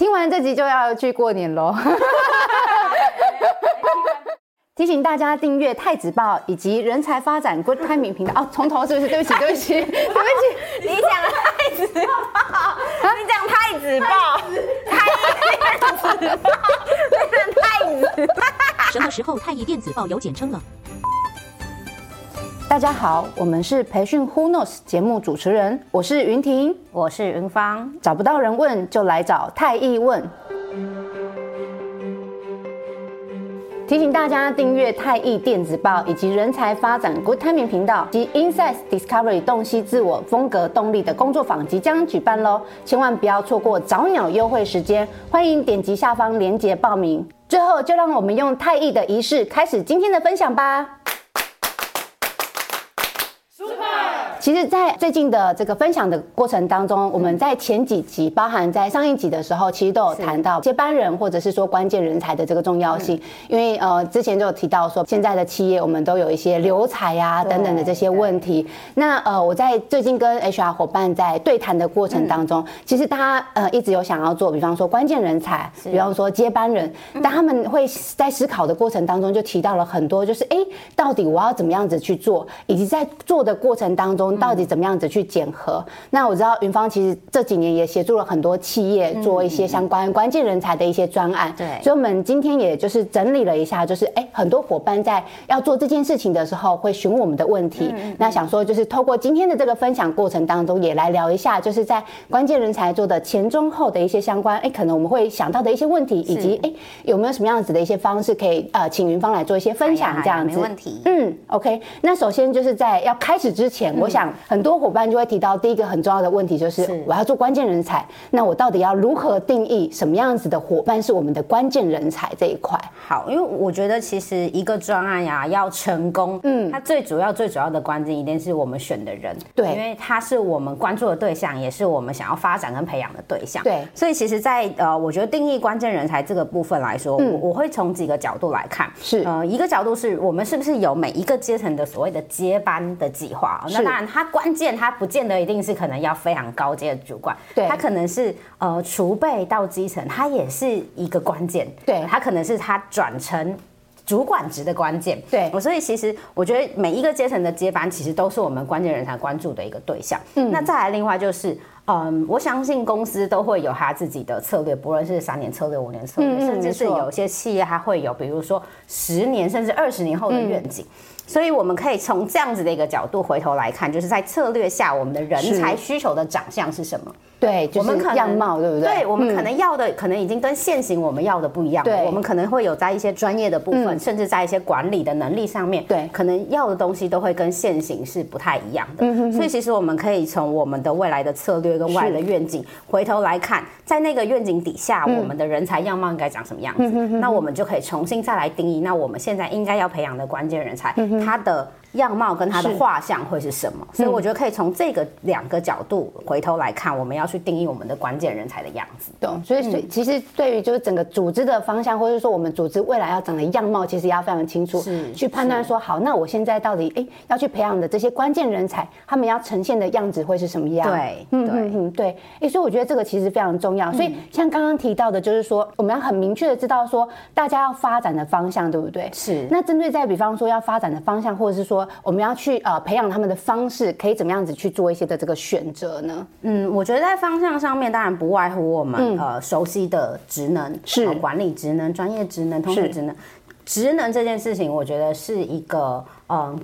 聽完這集就要去過年嘍！ 提醒大家訂閱《太子報》以及人才發展 Good Timing 頻道哦。從頭是不是？對不起，子對不起，對不起。你講太子報？啊、你講太子報？太子電子報？不太子什麼時候《太易電子報》有簡稱了？大家好，我們是培訓 Who Knows 節目主持人，我是雲婷，我是雲芳。找不到人問，就來找太易問。提醒大家訂閱太易電子報以及人才發展 Good Timing 頻道，及 Insights Discovery 洞悉自我風格動力的工作坊即將舉辦嘍，千萬不要錯過早鳥優惠時間，歡迎點擊下方鏈接報名。最後，就讓我們用太易的儀式開始今天的分享吧。其實，在最近的這個分享的過程當中，嗯、我們在前幾集，嗯、包含在上一集的時候，其實都有談到接班人或者是說關鍵人才的這個重要性。嗯、因為呃，之前就有提到說，現在的企業我們都有一些留才呀、啊嗯、等等的這些問題。那呃，我在最近跟 HR 夥伴在對談的過程當中，嗯、其實他呃一直有想要做，比方說關鍵人才，是比方說接班人，但他們會在思考的過程當中就提到了很多，就是哎，到底我要怎麼樣子去做，以及在做的過程當中。嗯、到底怎麼樣子去檢核？那我知道雲芳其實這幾年也協助了很多企業做一些相關關鍵人才的一些專案。對、嗯，所以我們今天也就是整理了一下，就是哎，對、欸，很多夥伴在要做這件事情的時候會詢問我們的問題。嗯、那想說就是透過今天的這個分享過程當中，也來聊一下，就是在關鍵人才做的前中後的一些相關，哎、欸，可能我們會想到的一些問題，是以及哎、欸、有沒有什麼樣子的一些方式可以呃，請雲芳來做一些分享，這樣子、哎哎、沒問題。嗯，OK。那首先就是在要開始之前，我想、嗯。很多夥伴就會提到第一個很重要的問題，就是我要做關鍵人才，是那我到底要如何定義什麼樣子的夥伴是我們的關鍵人才這一塊？好，因為我覺得其實一個專案呀、啊、要成功，嗯，它最主要最主要的關鍵一定是我們選的人，對，因為它是我們關注的對象，也是我們想要發展跟培養的對象，對。所以其實在，在呃，我覺得定義關鍵人才這個部分來說，嗯、我我會從幾個角度來看，是呃，一個角度是我們是不是有每一個階層的所謂的接班的計劃，是那當然。他關鍵，他不見得一定是可能要非常高階的主管，對，他可能是呃儲備到基層，他也是一個關鍵，對，他可能是他轉成主管職的關鍵，對我所以其實我覺得每一個階層的接班，其實都是我們關鍵人才關注的一個對象。嗯，那再來另外就是，嗯，我相信公司都會有他自己的策略，不論是三年策略、五年策略，嗯嗯、甚至是有些企業它會有，比如說十年甚至二十年後的願景。嗯所以我們可以從這樣子的一個角度回頭來看，就是在策略下，我們的人才需求的長相是什麼？對，我們可能樣貌，對不對？對我們可能要的，嗯、可能已經跟現行我們要的不一樣了。對我們可能會有在一些專業的部分，嗯、甚至在一些管理的能力上面，對、嗯，可能要的東西都會跟現行是不太一樣的。對所以其實我們可以從我們的未來的策略跟未來的願景是回頭來看，在那個願景底下，嗯、我們的人才樣貌應該長什麼樣子？嗯、那我們就可以重新再來定義，那我們現在應該要培養的關鍵人才。他的。樣貌跟他的畫像會是什麼？是所以我覺得可以從這個兩個角度回頭來看，嗯、我們要去定義我們的關鍵人才的樣子。對，所以,所以、嗯、其實對於就是整個組織的方向，或者說我們組織未來要長的樣貌，其實也要非常清楚，去判斷說好，那我現在到底誒、欸、要去培養的這些關鍵人才，他們要呈現的樣子會是什麼樣？對，嗯嗯，對。誒，所以我覺得這個其實非常重要。所以、嗯、像剛剛提到的，就是說我們要很明確的知道說大家要發展的方向，對不對？是。那針對在比方說要發展的方向，或者是說。我們要去呃培養他們的方式，可以怎麼樣子去做一些的這個選擇呢？嗯，我覺得在方向上面，當然不外乎我們、嗯、呃熟悉的職能是管理職能、專業職能、通用職能。是職能這件事情，我覺得是一個嗯、呃，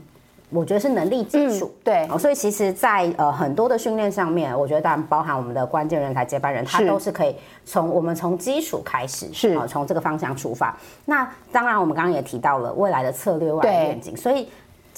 我覺得是能力基礎。嗯、對，所以其實在，在呃很多的訓練上面，我覺得當然包含我們的關鍵人才接班人，他都是可以從是我們從基礎開始，是啊、呃，從這個方向出發。那當然，我們剛剛也提到了未來的策略、外來願景，對所以。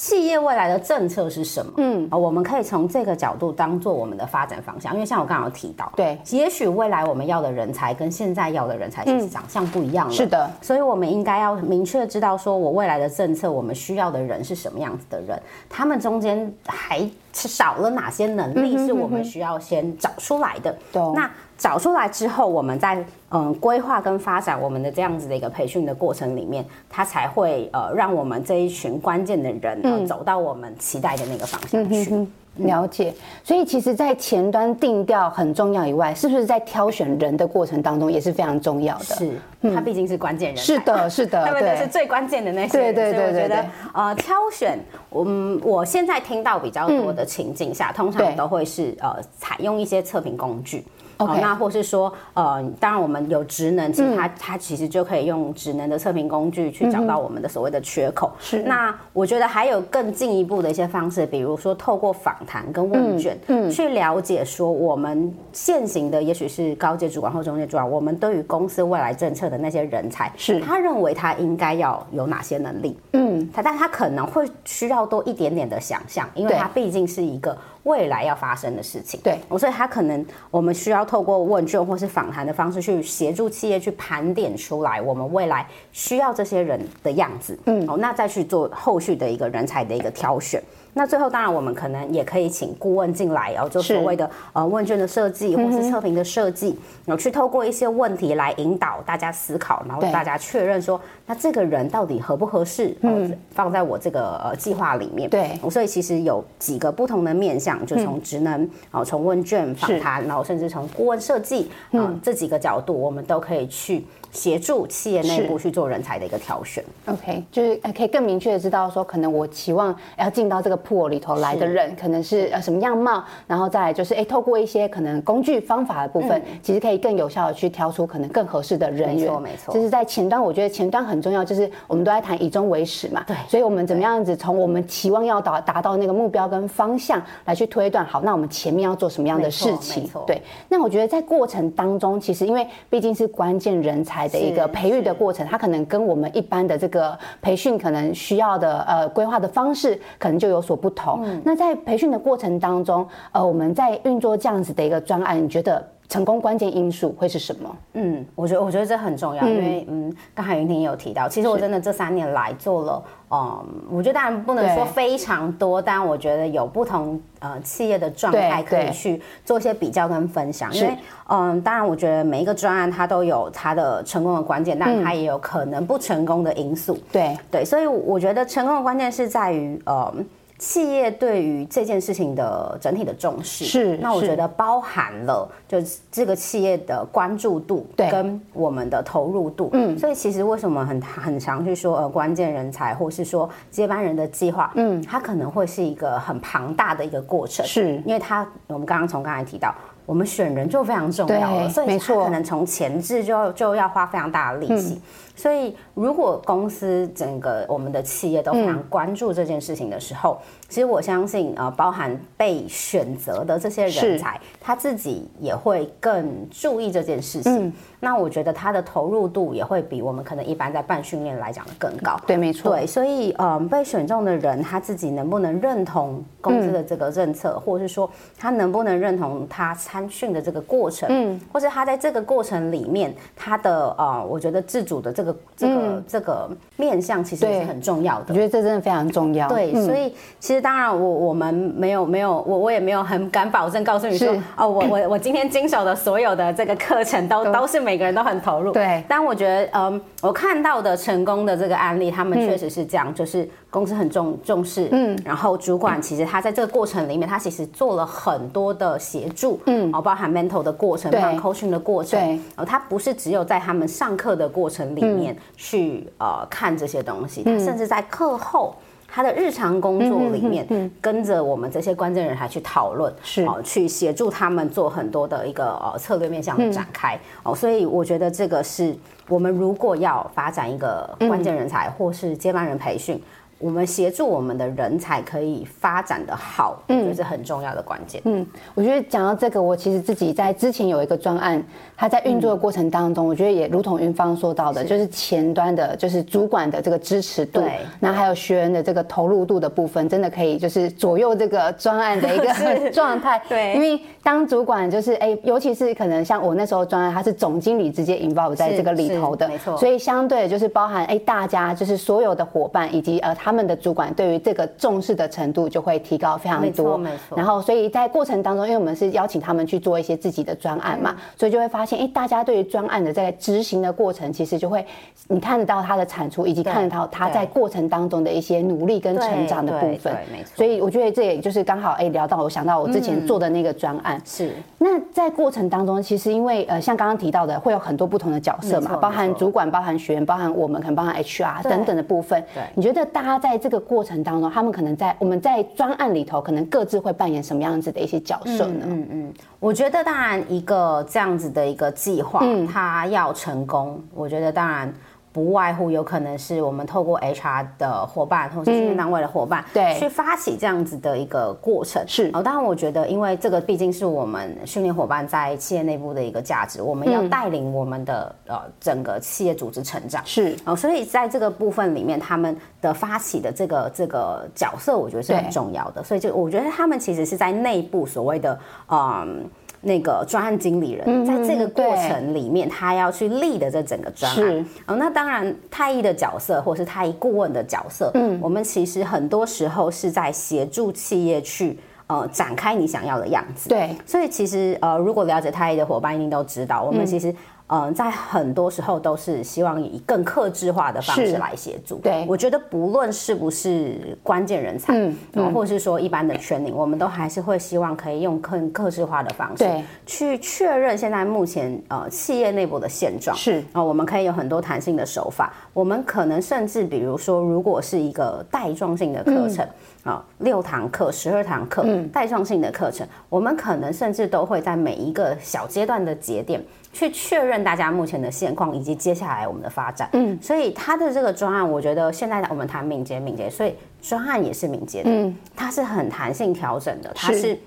企業未來的政策是什麼？嗯啊，我們可以從這個角度當做我們的發展方向，因為像我剛剛有提到，對，也許未來我們要的人才跟現在要的人才是長相不一樣了，嗯。是的，所以我們應該要明確知道，說我未來的政策，我們需要的人是什麼樣子的人，他們中間還少了哪些能力，是我們需要先找出來的。嗯、哼哼那，找出來之後，我們在嗯規劃跟發展我們的這樣子的一個培訓的過程裡面，它才會呃讓我們這一群關鍵的人、嗯呃、走到我們期待的那個方向去。嗯、哼哼了解，所以其實，在前端定調很重要以外，是不是在挑選人的過程當中也是非常重要的？是，他畢竟是關鍵人。嗯、才是的，是的，呵呵對，他就是最關鍵的那些。對對對對，對，對我覺得。呃，挑選，嗯，我現在聽到比較多的情境下，嗯、通常都會是對呃採用一些測評工具。Okay，哦，那或是說，呃，當然我們有職能，其實他、嗯、他其實就可以用職能的測評工具去找到我們的所謂的缺口。是、嗯哼，那我覺得還有更進一步的一些方式，比如說透過訪談跟問卷嗯，嗯，去了解說我們現行的，也許是高階主管或中階主管，我們對於公司未來政策的那些人才，是、嗯、他認為他應該要有哪些能力，嗯，他但他可能會需要多一點點的想象，因為他畢竟是一個未來要發生的事情，對、哦，所以他可能我們需要。透過問卷或是訪談的方式，去協助企業去盤點出來，我們未來需要這些人的樣子。嗯，哦，那再去做後續的一個人才的一個挑選。那最後，當然我們可能也可以請顧問進來，然後就所謂的呃問卷的設計，或是測評的設計，然後去透過一些問題來引導大家思考，然後大家確認說，那這個人到底合不合適，嗯，放在我這個呃計劃裡面。對，所以其實有幾個不同的面向，就從職能啊，從問卷訪談，然後甚至從顧問設計啊，這幾個角度，我們都可以去。協助企業內部去做人才的一個挑選，OK，就是可以更明確的知道說，可能我期望要進到這個 pool 裡頭來的人，是可能是呃什麼樣貌，然後再來就是，哎、欸，透過一些可能工具方法的部分，嗯、其實可以更有效的去挑出可能更合適的人員。沒錯，沒錯。就是在前端，我覺得前端很重要，就是我們都在談以終為始嘛，對。所以我們怎麼樣子從我們期望要達達到那個目標跟方向來去推斷，嗯、好，那我們前面要做什麼樣的事情？對。那我覺得在過程當中，其實因為畢竟是關鍵人才。的一個培育的過程，它可能跟我們一般的這個培訓可能需要的呃規劃的方式，可能就有所不同。嗯、那在培訓的過程當中，呃，我們在運作這樣子的一個專案，你覺得？成功關鍵因素會是什麼？嗯，我覺得我覺得這很重要，嗯、因為嗯，剛才雲婷也有提到，其實我真的這三年來做了，是嗯，我覺得當然不能說非常多，對但我覺得有不同呃企業的狀態可以去做一些比較跟分享，對因為是嗯，當然我覺得每一個專案它都有它的成功的關鍵，但它也有可能不成功的因素。對對，所以我覺得成功的關鍵是在於呃。企業對於這件事情的整體的重視，是那我覺得包含了就是這個企業的關注度跟我們的投入度，嗯對，所以其實為什麼很很常去說呃關鍵人才或是說接班人的計劃，嗯，它可能會是一個很龐大的一個過程，是因為它我們剛剛從剛才提到。我們選人就非常重要了。對所以你可能從前置就要錯就要花非常大的力氣。嗯、所以，如果公司整個我們的企業都非常關注這件事情的時候。嗯嗯其實我相信，呃，包含被選擇的這些人才，是他自己也會更注意這件事情。嗯、那我覺得他的投入度也會比我們可能一般在辦訓練來講的更高，嗯。對，沒錯。對，所以，嗯、呃，被選中的人他自己能不能認同公司的這個政策，嗯、或者是說他能不能認同他參訓的這個過程？嗯，或者他在這個過程裡面，他的呃，我覺得自主的這個這個、嗯、這個面向其實也是很重要的。我覺得這真的非常重要。對，嗯、所以其實。當然，我我們沒有沒有，我我也沒有很敢保證告訴你說，哦，我我我今天經手的所有的這個課程都都是每個人都很投入。對，但我覺得，嗯，我看到的成功的這個案例，他們確實是這樣，就是公司很重重視，嗯，然後主管其實他在這個過程裡面，他其實做了很多的協助，嗯，哦，包含 m e n t a l 的過程，包含 coaching 的過程，對，他不是只有在他們上課的過程裡面去呃看這些東西，他甚至在課後。他的日常工作裡面，嗯、哼哼哼跟着我們這些關鍵人才去討論，是哦，去協助他們做很多的一個呃、哦、策略面向的展開、嗯、哦，所以我覺得這個是我們如果要發展一個關鍵人才、嗯、或是接班人培訓。我們協助我們的人才可以發展的好，這、嗯、是很重要的關鍵。嗯，我覺得講到這個，我其實自己在之前有一個專案，它在運作的過程當中，嗯、我覺得也如同雲芳說到的，是就是前端的，就是主管的這個支持度，然對後還有學員的這個投入度的部分，對真的可以就是左右這個專案的一個狀態。對，因為當主管就是哎，尤其是可能像我那時候專案，它是總經理直接 involve 在這個裡頭的，沒錯。所以相對就是包含哎，大家就是所有的夥伴以及呃他。他們的主管對於這個重視的程度就會提高非常多，沒錯。然後，所以在過程當中，因為我們是邀請他們去做一些自己的專案嘛，所以就會發現，哎，大家對於專案的在執行的過程，其實就會你看得到他的產出，以及看得到他在過程當中的一些努力跟成長的部分。沒錯。所以我覺得這也就是剛好，哎，聊到我想到我之前做的那個專案，是。那在過程當中，其實因為呃，像剛剛提到的，會有很多不同的角色嘛，包含主管、包含學員、包含我們可能包含 HR 等等的部分。對。你覺得大家？在這個過程當中，他們可能在我們在專案裡頭，可能各自會扮演什麼樣子的一些角色呢？嗯嗯，嗯，我覺得當然一個這樣子的一個計劃，它要成功，嗯，我覺得當然。不外乎有可能是我們透過 HR 的夥伴，或是訓練單位的夥伴，嗯、對，去發起這樣子的一個過程。是，哦，當然，我覺得因為這個畢竟是我們訓練夥伴在企業內部的一個價值，我們要帶領我們的、嗯、呃整個企業組織成長。是，哦、呃，所以在這個部分裡面，他們的發起的這個這個角色，我覺得是很重要的。對所以，就我覺得他們其實是在內部所謂的嗯。那個專案經理人，在這個過程裡面，嗯嗯他要去立的這整個專案。是嗯，那當然，太毅的角色，或是太毅顧問的角色，嗯，我們其實很多時候是在協助企業去呃展開你想要的樣子。對，所以其實呃，如果了解太毅的夥伴一定都知道，我們其實。嗯嗯、呃，在很多時候都是希望以更客製化的方式來協助。對，我覺得不論是不是關鍵人才，嗯、呃，或是說一般的圈領、嗯，我們都還是會希望可以用更客製化的方式，去確認現在目前呃企業內部的現狀是啊、呃，我們可以有很多彈性的手法。我們可能甚至比如說，如果是一個帶狀性的課程。嗯哦、六堂課、十二堂課，帶狀性的課程，嗯、我們可能甚至都會在每一個小階段的節點去確認大家目前的現況以及接下來我們的發展，嗯，所以它的這個專案，我覺得現在我們談敏捷，敏捷，所以專案也是敏捷的，嗯，它是很彈性調整的，它是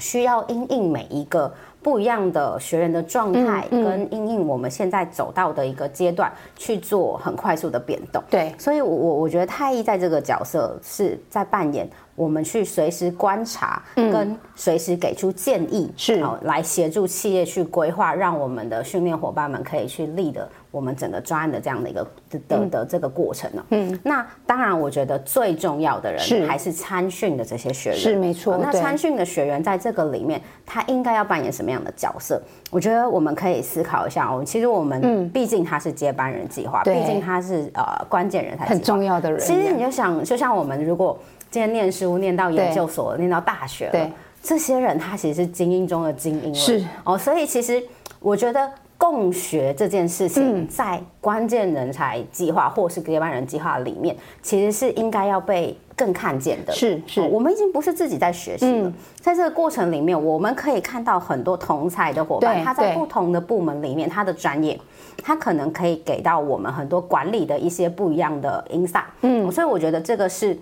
需要因應每一個。不一樣的學員的狀態，跟因應我們現在走到的一個階段去做很快速的變動。對、嗯，嗯、所以我我我覺得太一在這個角色是在扮演。我們去隨時觀察，跟隨時給出建議，嗯哦、是來協助企業去規劃，讓我們的訓練夥伴們可以去立的我們整個專案的這樣的一個的的，的、嗯、這個過程呢、哦。嗯，那當然，我覺得最重要的人還是參訓的這些學員，是，是沒錯。哦、對那參訓的學員在這個裡面，他應該要扮演什麼樣的角色？我覺得我們可以思考一下哦。其實我們畢竟他是接班人計劃，嗯、畢竟他是呃關鍵人才，很重要的人。其實你就想，就像我們如果。今天念書念到研究所，對念到大學了，對這些人他其實是精英中的精英了。是哦，所以其實我覺得共學這件事情，在關鍵人才計劃或是接班人計劃裡面，嗯、其實是應該要被更看見的。是是、哦，我們已經不是自己在學習了，嗯、在這個過程裡面，我們可以看到很多同才的夥伴，對他在不同的部門裡面，對他的專業，他可能可以給到我們很多管理的一些不一樣的 insight 嗯 S、哦，所以我覺得這個是。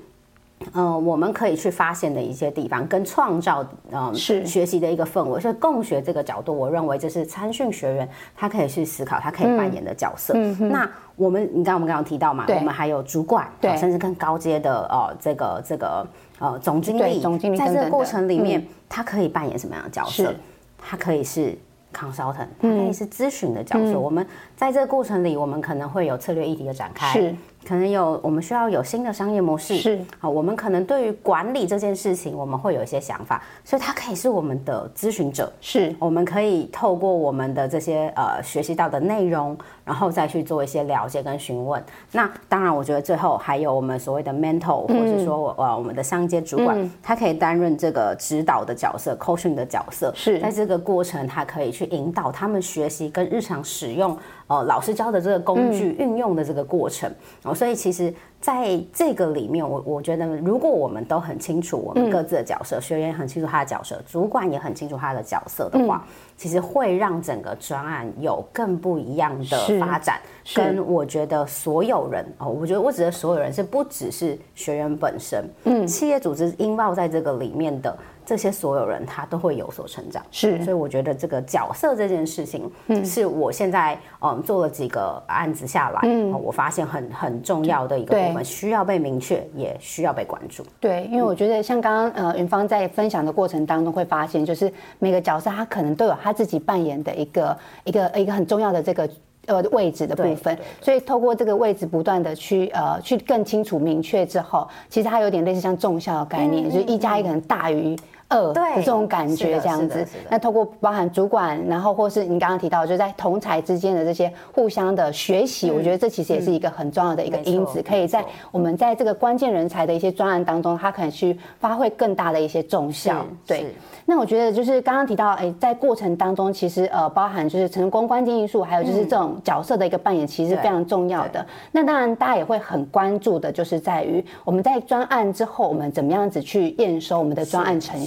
呃，我們可以去發現的一些地方跟創造嗯，呃、是學習的一個氛圍，所以共學這個角度，我認為就是參訓學員他可以去思考，他可以扮演的角色。嗯嗯、那我們，你剛我們剛剛提到嘛，對我們還有主管，對哦、甚至更高階的哦、呃，這個這個呃總經理，總經理在這個過程裡面，嗯、他可以扮演什麼樣的角色？是他可以是 consultant，他可以是諮詢的角色。嗯、我們在這個過程裡，我們可能會有策略議題的展開。是。可能有，我們需要有新的商業模式是好、哦，我們可能對於管理這件事情，我們會有一些想法，所以他可以是我們的諮詢者，是、嗯，我們可以透過我們的這些呃學習到的內容，然後再去做一些了解跟詢問。那當然，我覺得最後還有我們所謂的 mentor 或者說呃我們的上階主管，嗯、他可以擔任這個指導的角色，coaching、嗯、的角色是，在這個過程他可以去引導他們學習跟日常使用呃老師教的這個工具運、嗯、用的這個過程，然、呃、後。所以其實，在這個裡面，我我覺得，如果我們都很清楚我們各自的角色，嗯、學員很清楚他的角色，主管也很清楚他的角色的話，嗯、其實會讓整個專案有更不一樣的發展。是跟我覺得所有人哦，我覺得我指的所有人是不只是學員本身，嗯，企業組織是擁抱在這個裡面的。這些所有人他都會有所成長，是，所以我覺得這個角色這件事情，嗯，是我現在嗯做了幾個案子下來，嗯、呃，我發現很很重要的一個部分需要被明確，對也需要被關注。對，因為我覺得像剛剛、嗯、呃雲芳在分享的過程當中會發現，就是每個角色他可能都有他自己扮演的一個一個一個很重要的這個呃位置的部分，所以透過這個位置不斷的去呃去更清楚明確之後，其實它有點類似像綜效的概念，嗯嗯嗯就是一加一可能大於。呃對，這種感覺這樣子，那透過包含主管，然後或是你剛剛提到，就是、在同才之間的這些互相的學習，嗯、我覺得這其實也是一個很重要的一個因子，嗯、可以在我們在這個關鍵人才的一些專案當中，嗯、他可能去發揮更大的一些重效。對，那我覺得就是剛剛提到，哎、欸，在過程當中，其實呃，包含就是成功關鍵因素，還有就是這種角色的一個扮演，嗯、其實是非常重要的。那當然，大家也會很關注的就是在於我們在專案之後，我們怎麼樣子去驗收我們的專案成。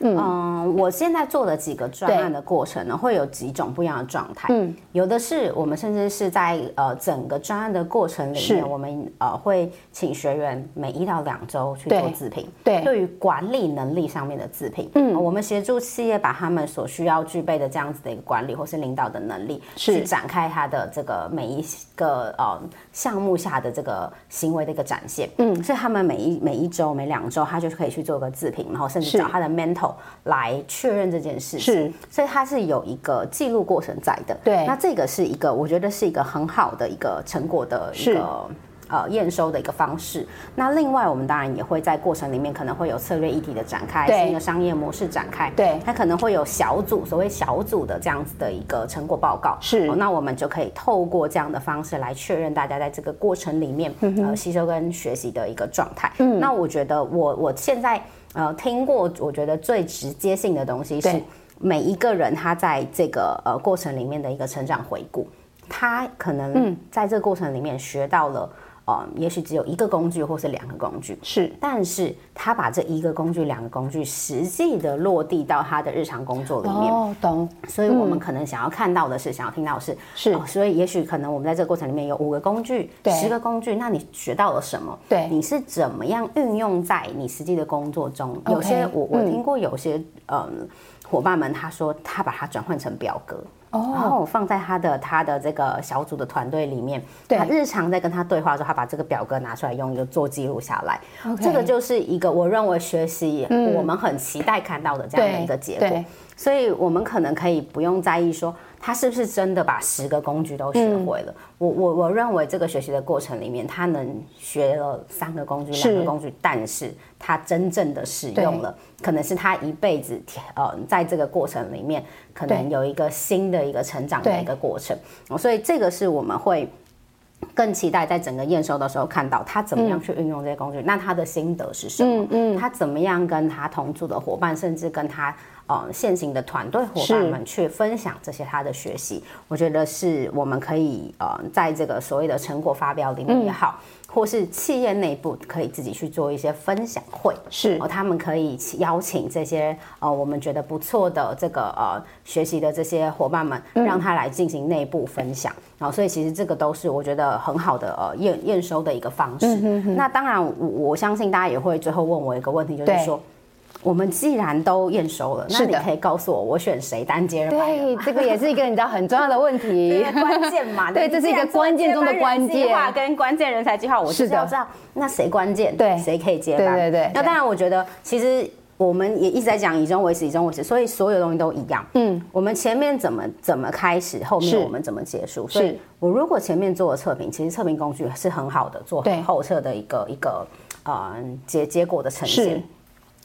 嗯、呃，我現在做的幾個專案的過程呢，對會有幾種不一樣的狀態。嗯，有的是我們甚至是在呃整個專案的過程裡面，是我們呃會請學員每一到兩周去做自評。對，對，對於管理能力上面的自評，嗯、呃，我們協助企業把他們所需要具備的這樣子的一個管理或是領導的能力，是去展開他的這個每一個呃項目下的這個行為的一個展現。嗯，所以他們每一每一周每兩周，他就是可以去做個自評，然後甚至找他的 mentor。來確認這件事情，是，所以它是有一個記錄過程在的。對，那這個是一個，我覺得是一個很好的一個成果的一個。呃，驗收的一個方式。那另外，我們當然也會在過程裡面可能會有策略議題的展開，對，新的商業模式展開，對，那可能會有小組，所謂小組的這樣子的一個成果報告，是。哦。那我們就可以透過這樣的方式來確認大家在這個過程裡面呃吸收跟學習的一個狀態。嗯，那我覺得我我現在呃聽過，我覺得最直接性的東西是每一個人他在這個呃過程裡面的一個成長回顧，他可能嗯在這個過程裡面學到了。哦、嗯，也許只有一個工具，或是兩個工具，是，但是他把這一個工具、兩個工具實際的落地到他的日常工作裡面。哦，懂。所以，我們可能想要看到的是，嗯，想要聽到的是，是、哦。所以，也許可能我們在這個過程裡面有五個工具，對十個工具，那你學到了什麼？對，你是怎麼樣運用在你實際的工作中？對有些我我聽過，有些嗯，夥伴們他說他把它轉換成表格。哦，oh, 然後放在他的他的這個小組的團隊裡面，對他日常在跟他對話的時候，他把這個表格拿出來用，就做記錄下來。Okay. 這個就是一個我認為學習我們很期待看到的這樣的一個結果，嗯，所以我們可能可以不用在意說，他是不是真的把十個工具都學會了？嗯、我我我認為這個學習的過程裡面，他能學了三個工具、是兩個工具，但是他真正的使用了，對可能是他一輩子呃，在這個過程裡面，可能有一個新的一個成長的一個過程。對所以這個是我們會更期待在整個驗收的時候看到他怎麼樣去運用這些工具，嗯、那他的心得是什麼？嗯、嗯。他怎麼樣跟他同住的夥伴，甚至跟他。呃，現行的團隊伙伴們去分享這些他的學習，是我覺得是我們可以呃，在這個所謂的成果發表裡面也好，嗯、或是企業內部可以自己去做一些分享會，是、呃，他們可以邀請這些呃，我們覺得不錯的這個呃學習的這些伙伴們，讓他來進行內部分享。然後、嗯呃，所以其實這個都是我覺得很好的呃驗驗收的一個方式。嗯、哼哼那當然我，我我相信大家也會最後問我一個問題，就是說。我們既然都驗收了，那你可以告訴我，我選誰當接班人？對，這個也是一個你知道很重要的問題，關鍵嘛。對，這是一個關鍵中的關鍵，跟關鍵人才計劃，我是要知道那誰關鍵，對，誰可以接班？對對對。那當然，我覺得其實我們也一直在講以終為始，以終為始，所以所有東西都一樣。嗯，我們前面怎麼怎麼開始，後面我們怎麼結束？所以我如果前面做了測評，其實測評工具是很好的，做後測的一個一個呃結結果的呈現。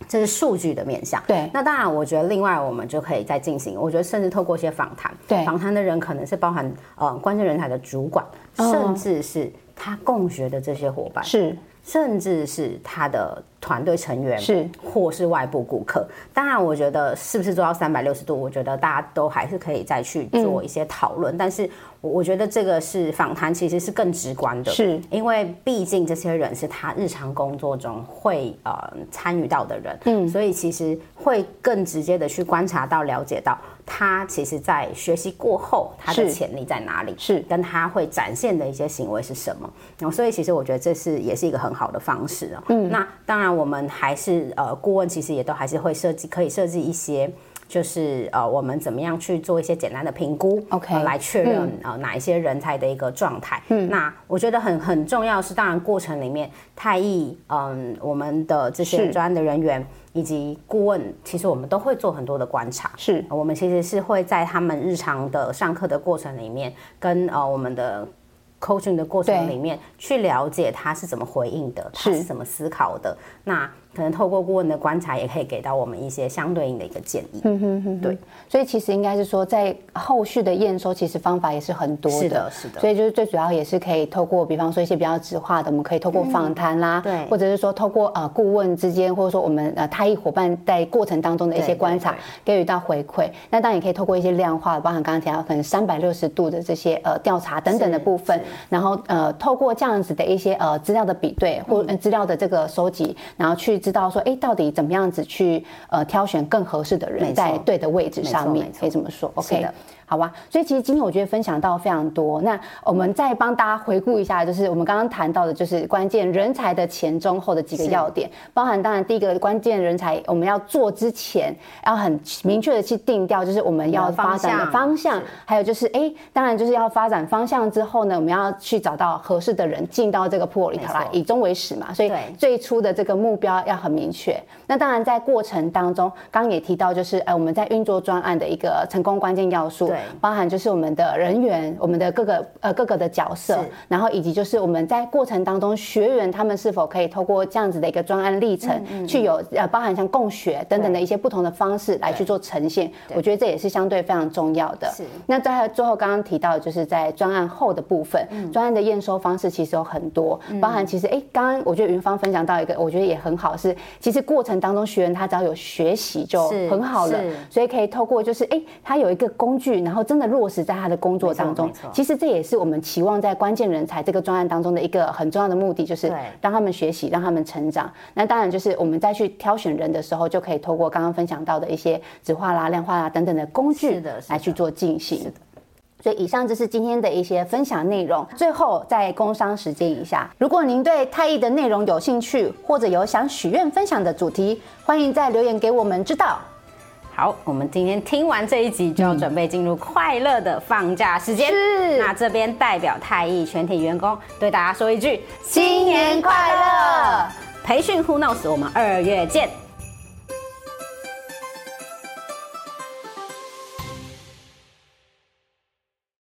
這是數據的面向。對，那當然，我覺得另外我們就可以再進行。我覺得甚至透過一些訪談，對，訪談的人可能是包含呃關鍵人才的主管，哦哦甚至是他共學的這些夥伴。是。甚至是他的團隊成員是，是或是外部顧客。當然，我覺得是不是做到三百六十度，我覺得大家都還是可以再去做一些討論。嗯、但是，我我覺得這個是訪談，其實是更直觀的，是因為畢竟這些人是他日常工作中會呃參與到的人，嗯，所以其實會更直接的去觀察到、了解到他其實在學習過後他的潛力在哪裡，是，是跟他會展現的一些行為是什麼。然後，所以其實我覺得這是也是一個很。好的方式，嗯，那當然我們還是呃，顧問其實也都還是會設計，可以設計一些，就是呃，我們怎麼樣去做一些簡單的評估，OK，呃，來確認呃哪一些人才的一個狀態。嗯，那我覺得很很重要是，當然過程裡面太醫，嗯，我們的這些專業的人員以及顧問，其實我們都會做很多的觀察，是我們其實是會在他們日常的上課的過程裡面跟呃我們的。coaching 的過程裡面，對去了解他是怎麼回應的，是他是怎麼思考的。那。可能透過顧問的觀察，也可以給到我們一些相對應的一個建議。嗯嗯嗯，對。所以其實應該是說，在後續的驗收，其實方法也是很多的。是的，是的。所以就是最主要也是可以透過，比方說一些比較質化的，我們可以透過訪談啦，對，或者是說透過呃顧問之間，或者說我們呃他一夥伴在過程當中的一些觀察，給予到回饋。那當然也可以透過一些量化，包含剛剛提到可能三百六十度的這些呃調查等等的部分，然後呃透過這樣子的一些呃資料的比對或資料的這個收集，然後去。知道說，哎、欸，到底怎麼樣子去呃挑選更合適的人，沒錯，在對的位置上面，沒錯，可以這麼說，沒錯，OK 的。好吧，所以其實今天我覺得分享到非常多。那我們再幫大家回顧一下，就是我們剛剛談到的，就是關鍵人才的前中後的幾個要點，是包含當然第一個關鍵人才，我們要做之前要很明確的去定調，就是我們要發展的方向，方向還有就是哎，當然就是要發展方向之後呢，我們要去找到合適的人進到這個 pool 裡頭來，錯以終為始嘛，所以最初的這個目標要很明確。對那當然在過程當中，剛剛也提到就是哎，我們在運作專案的一個成功關鍵要素。對包含就是我們的人員，嗯、我們的各個呃各個的角色，是然後以及就是我們在過程當中學員他們是否可以透過這樣子的一個專案歷程去有、嗯嗯、呃包含像共學等等的一些不同的方式來去做呈現，對我覺得這也是相對非常重要的。那在最後剛剛提到，就是在專案後的部分，是專案的驗收方式其實有很多，嗯、包含其實哎，剛剛我覺得雲芳分享到一個我覺得也很好，是其實過程當中學員他只要有學習就很好了，所以可以透過就是哎，他有一個工具呢。然後真的落實在他的工作當中。其實這也是我們期望在關鍵人才這個專案當中的一個很重要的目的，就是讓他們學習，對讓他們成長。那當然就是我們再去挑選人的時候，就可以透過剛剛分享到的一些質化啦、量化啦等等的工具來去做進行。所以以上就是今天的一些分享內容。最後再工商時間一下，如果您對太毅的內容有興趣，或者有想許願分享的主題，歡迎在留言給我們知道。好，我們今天聽完這一集，就要準備進入快樂的放假時間。嗯。那這邊代表泰藝全體員工對大家說一句：新年快樂！培訓 Who knows, 我們二月見。